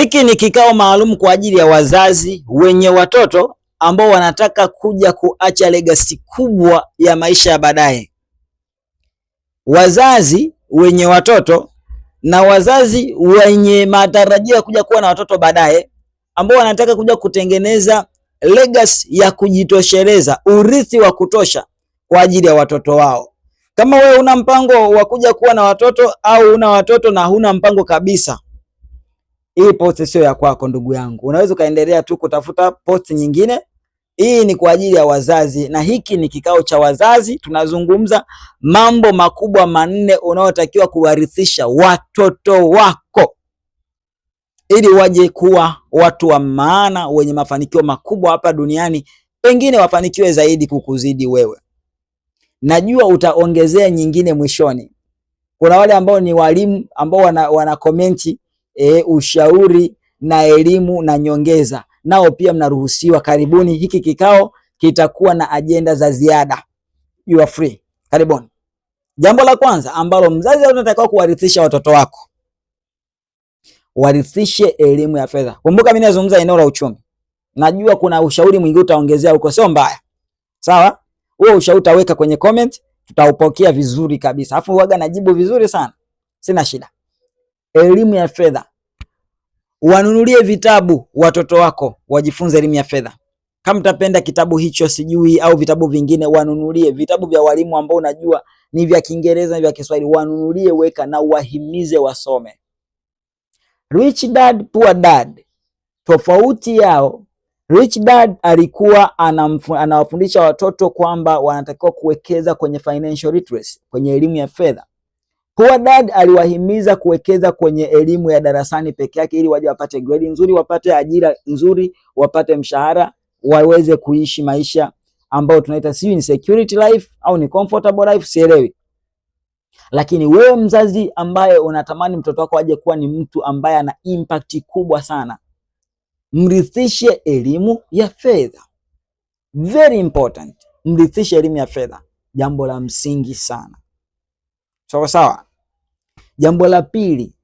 Hiki ni kikao maalum kwa ajili ya wazazi wenye watoto ambao wanataka kuja kuacha legacy kubwa ya maisha ya baadaye. Wazazi wenye watoto na wazazi wenye matarajio ya kuja kuwa na watoto baadaye, ambao wanataka kuja kutengeneza legacy ya kujitosheleza, urithi wa kutosha kwa ajili ya watoto wao. Kama wewe una mpango wa kuja kuwa na watoto au una watoto na huna mpango kabisa hii post sio ya kwako ndugu yangu, unaweza ukaendelea tu kutafuta post nyingine. Hii ni kwa ajili ya wazazi, na hiki ni kikao cha wazazi. Tunazungumza mambo makubwa manne unaotakiwa kuwarithisha watoto wako ili waje kuwa watu wa maana wenye mafanikio makubwa hapa duniani, pengine wafanikiwe zaidi kukuzidi wewe. Najua utaongezea nyingine mwishoni. Kuna wale ambao ni walimu ambao wana, wana komenti e, ushauri na elimu na nyongeza, nao pia mnaruhusiwa. Karibuni, hiki kikao kitakuwa na ajenda za ziada. You are free. Karibuni. Jambo la kwanza ambalo mzazi anatakiwa kuwarithisha watoto wako, warithishe elimu ya fedha. Kumbuka mimi nazungumza eneo la uchumi, najua kuna ushauri mwingine utaongezea huko, sio mbaya, sawa. Huo ushauri utaweka kwenye comment, tutaupokea vizuri kabisa, afu waga najibu vizuri sana, sina shida elimu ya fedha, wanunulie vitabu watoto wako wajifunze elimu ya fedha. Kama utapenda kitabu hicho sijui au vitabu vingine, wanunulie vitabu vya walimu ambao unajua ni vya Kiingereza ni vya Kiswahili, wanunulie, weka na wahimize wasome. Rich dad poor dad, tofauti yao Rich dad alikuwa anawafundisha watoto kwamba wanatakiwa kuwekeza kwenye financial literacy, kwenye elimu ya fedha dad aliwahimiza kuwekeza kwenye elimu ya darasani peke yake ili waje wapate grade nzuri, wapate ajira nzuri, wapate mshahara, waweze kuishi maisha ambayo tunaita sijui ni security life au ni comfortable life, sielewi. Lakini wewe mzazi ambaye unatamani mtoto wako aje kuwa ni mtu ambaye ana impact kubwa sana, mrithishe elimu ya fedha. Very important, mrithishe elimu ya fedha, jambo la msingi sana. Sawa sawa. Jambo la pili,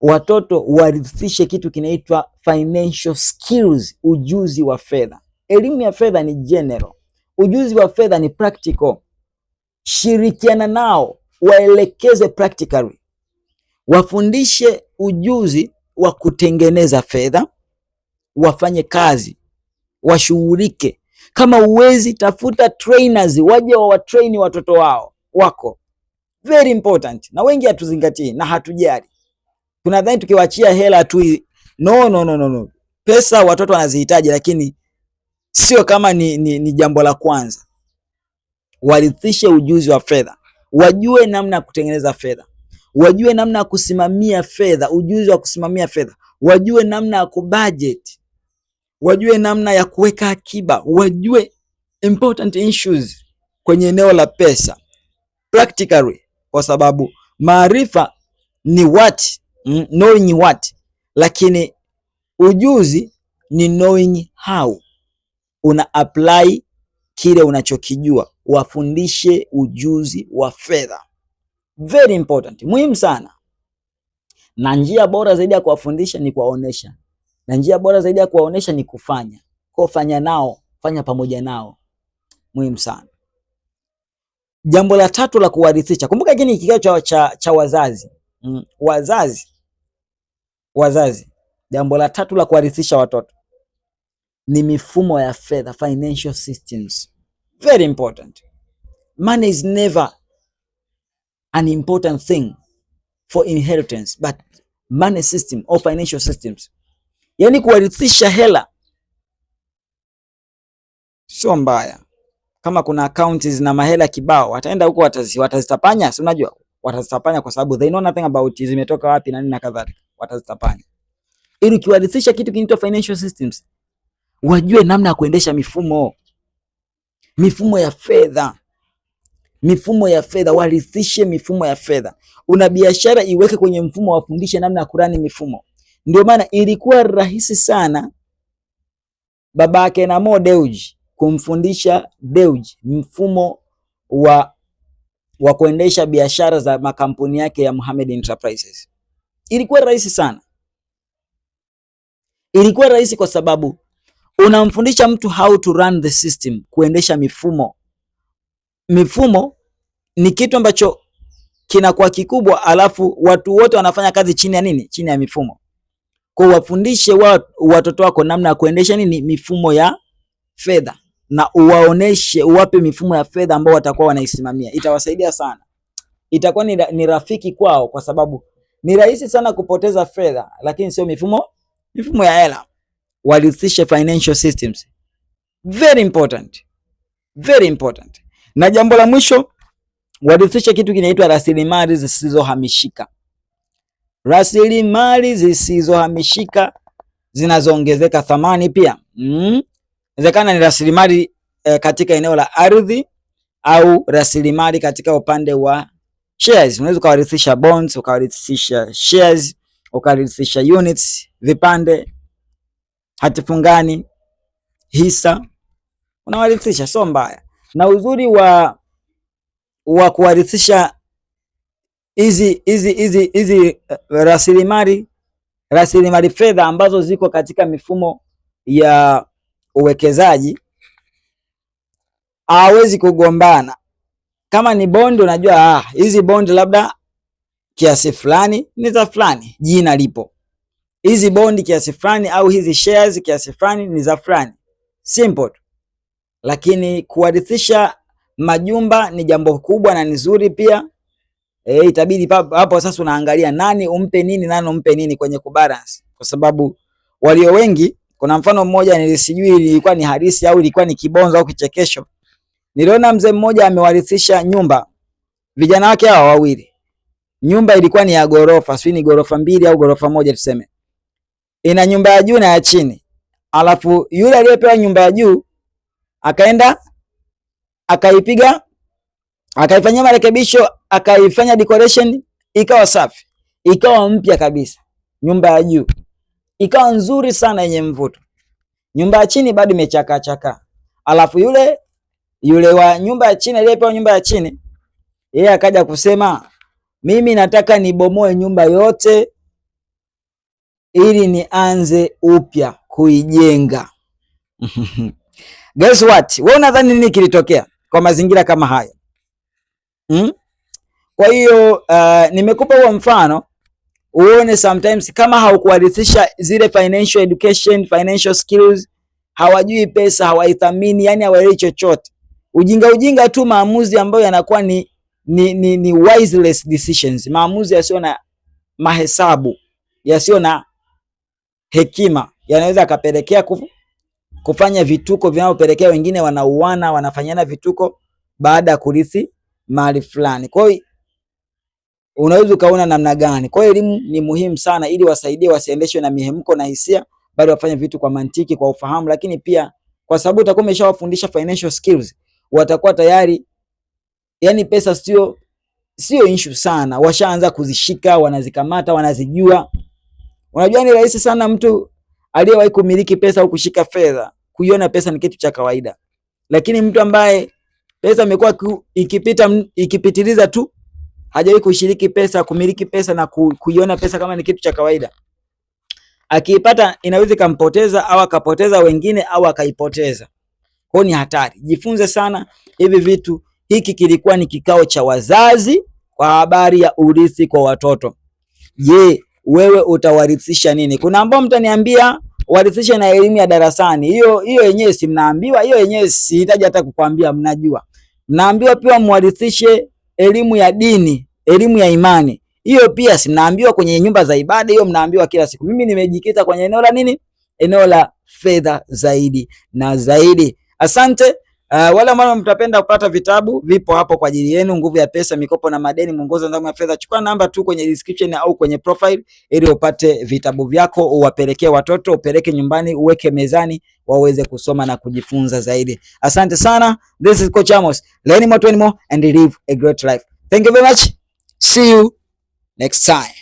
watoto warithishe kitu kinaitwa financial skills, ujuzi wa fedha. Elimu ya fedha ni general, ujuzi wa fedha ni practical. Shirikiana nao, waelekeze practically, wafundishe ujuzi wa kutengeneza fedha, wafanye kazi, washughulike. Kama uwezi, tafuta trainers waje wawatraini watoto wao wako very important, na wengi hatuzingatii na hatujali. Tunadhani tukiwaachia hela tu, no, no, no, no, no. Pesa watoto wanazihitaji, lakini sio kama ni, ni, ni jambo la kwanza. Warithishe ujuzi wa fedha, wajue namna ya kutengeneza fedha, wajue namna ya kusimamia fedha, ujuzi wa kusimamia fedha, wajue namna ya kubudget, wajue namna ya kuweka akiba, wajue important issues kwenye eneo la pesa practically kwa sababu maarifa ni what, mm, knowing what, lakini ujuzi ni knowing how. Una apply kile unachokijua, wafundishe ujuzi wa fedha, very important, muhimu sana. Na njia bora zaidi ya kuwafundisha ni kuwaonesha, na njia bora zaidi ya kuwaonesha ni kufanya. Kwa fanya nao, fanya pamoja nao, muhimu sana. Jambo la tatu la kuwarithisha, kumbuka hiki ni kikao cha, cha, cha wazazi mm. Wazazi, wazazi, jambo la tatu la kuwarithisha watoto ni mifumo ya fedha, financial systems, very important. Money is never an important thing for inheritance but money system or financial systems, yani kuwarithisha hela sio mbaya kama kuna akaunti zina mahela kibao, wataenda huko watazi, watazitapanya, si unajua watazitapanya kwa sababu they know nothing about zimetoka wapi na nini na kadhalika, watazitapanya ili ukiwarithisha kitu kinaitwa financial systems, wajue namna ya kuendesha mifumo mifumo ya fedha mifumo ya fedha, warithishe mifumo ya fedha. Una biashara iweke kwenye mfumo, wafundishe namna ya kurani mifumo. Ndio maana ilikuwa rahisi sana babake na Mo Dewji kumfundisha Dewji mfumo wa, wa kuendesha biashara za makampuni yake ya Mohammed Enterprises. Ilikuwa rahisi sana, ilikuwa rahisi kwa sababu unamfundisha mtu how to run the system, kuendesha mifumo. Mifumo ni kitu ambacho kinakuwa kikubwa, alafu watu wote wanafanya kazi chini ya nini? Chini ya mifumo. Kwa wafundishe watoto wako namna ya kuendesha nini, mifumo ya fedha na uwaoneshe, uwape mifumo ya fedha ambao watakuwa wanaisimamia, itawasaidia sana, itakuwa ni, ni rafiki kwao, kwa sababu ni rahisi sana kupoteza fedha, lakini sio mifumo mifumo ya hela. Walisishe financial systems very important, very important. Na jambo la mwisho walisishe kitu kinaitwa rasilimali zisizohamishika, rasilimali zisizohamishika zinazoongezeka thamani pia mm. Inawezekana ni rasilimali e, katika eneo la ardhi au rasilimali katika upande wa shares. Unaweza ukawarithisha bonds, ukawarithisha shares, ukawarithisha units, vipande, hatifungani, hisa, unawarithisha, sio mbaya. Na uzuri wa wa kuwarithisha hizi hizi hizi hizi eh, rasilimali rasilimali fedha ambazo ziko katika mifumo ya uwekezaji hawezi kugombana. Kama ni bond, unajua ah, hizi bond labda kiasi fulani ni za fulani, jina lipo, hizi bond kiasi fulani au hizi shares kiasi fulani ni za fulani, simple tu. Lakini kuwarithisha majumba ni jambo kubwa na nzuri pia. E, itabidi hapo sasa unaangalia nani umpe nini, nani umpe nini kwenye kubalance, kwa sababu walio wengi kuna mfano mmoja nilisijui ilikuwa ni hadithi au ilikuwa ni kibonzo au kichekesho. Niliona mzee mmoja amewarithisha nyumba vijana wake hawa wawili. Nyumba ilikuwa ni ya gorofa, sio ni gorofa mbili au gorofa moja tuseme. Ina nyumba ya juu na ya chini. Alafu yule aliyepewa nyumba ya juu akaenda akaipiga akaifanyia marekebisho akaifanya decoration ikawa safi, ikawa mpya kabisa, nyumba ya juu ikawa nzuri sana yenye mvuto. Nyumba ya chini bado imechakaa alafu yule yule wa nyumba ya chini aliyepewa nyumba ya chini, yeye akaja kusema mimi nataka nibomoe nyumba yote ili nianze upya kuijenga. Guess what? Wewe unadhani nini kilitokea kwa mazingira kama hayo? Hmm? Kwa hiyo uh, nimekupa huo mfano uone sometimes kama haukuwarithisha zile financial education, financial skills, hawajui pesa, hawaithamini, yani hawaelewi chochote, ujinga ujinga tu, maamuzi ambayo yanakuwa ni, ni, ni, ni wiseless decisions, maamuzi yasiyo na mahesabu, yasiyo na hekima, yanaweza akapelekea kufanya vituko vinavyopelekea wengine wanauana, wanafanyana vituko baada ya kurithi mali fulani. Kwa hiyo unaweza ukaona namna gani. Kwa hiyo elimu ni muhimu sana, ili wasaidie wasiendeshwe na mihemko na hisia, bali wafanye vitu kwa mantiki, kwa ufahamu. Lakini pia kwa sababu utakuwa umeshawafundisha financial skills, watakuwa tayari, yani pesa sio sio issue sana, washaanza kuzishika, wanazikamata, wanazijua. Unajua, ni rahisi sana mtu aliyewahi kumiliki pesa au kushika fedha kuiona pesa ni kitu cha kawaida, lakini mtu ambaye pesa imekuwa ikipita ikipitiliza tu hajawahi kushiriki pesa, kumiliki pesa na kuiona pesa kama ni kitu cha kawaida. Akiipata inaweza ikampoteza au akapoteza wengine au akaipoteza. Kwao ni hatari. Jifunze sana hivi vitu. Hiki kilikuwa ni kikao cha wazazi kwa habari ya urithi kwa watoto. Je, wewe utawarithisha nini? Kuna ambao mtaniambia warithishe na elimu ya darasani. Hiyo hiyo yenyewe si mnaambiwa, hiyo yenyewe sihitaji hata kukwambia, mnajua. Mnaambiwa pia mwarithishe elimu ya dini, elimu ya imani. Hiyo pia simnaambiwa kwenye nyumba za ibada, hiyo mnaambiwa kila siku. Mimi nimejikita kwenye eneo la nini? Eneo la fedha zaidi na zaidi. Asante. Uh, wale ambao mtapenda kupata vitabu vipo hapo kwa ajili yenu, Nguvu ya Pesa, Mikopo na Madeni, Mwongozo wa Nidhamu ya Fedha. Chukua namba tu kwenye description au kwenye profile ili upate vitabu vyako, uwapelekee watoto, upeleke nyumbani, uweke mezani, waweze kusoma na kujifunza zaidi. Asante sana. This is Coach Amos. Learn more to more and live a great life. Thank you very much. See you next time.